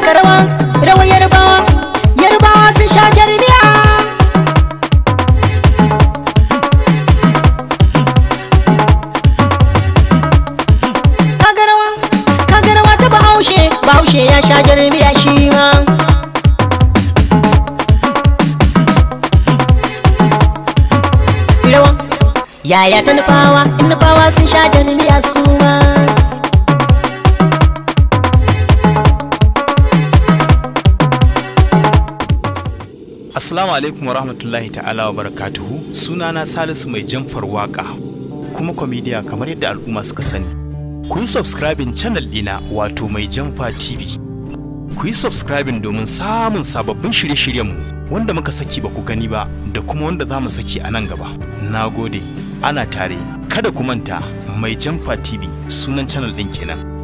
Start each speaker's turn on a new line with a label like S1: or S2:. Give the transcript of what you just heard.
S1: taka rawa rawa yarbawa yarbawa sun sha jarmiya
S2: kagarawa ta bahaushe bahaushe ya sha jarmiya shi ma
S3: rawa yaya ta nufawa nufawa sun sha jarmiya su ma
S4: Assalamu alaikum wa rahmatullahi ta'ala wa barakatuhu sunana Salisu mai jamfar waka kuma kwamidiya kamar yadda al'umma suka sani. Ku yi subscribing channel ɗina wato mai jamfa TV. Ku yi subscribing domin samun sababbin shirye-shiryenmu wanda muka saki ba ku gani ba da kuma wanda za mu saki a nan gaba. Na gode, ana tare, kada ku manta mai jamfa TV sunan channel ɗin kenan.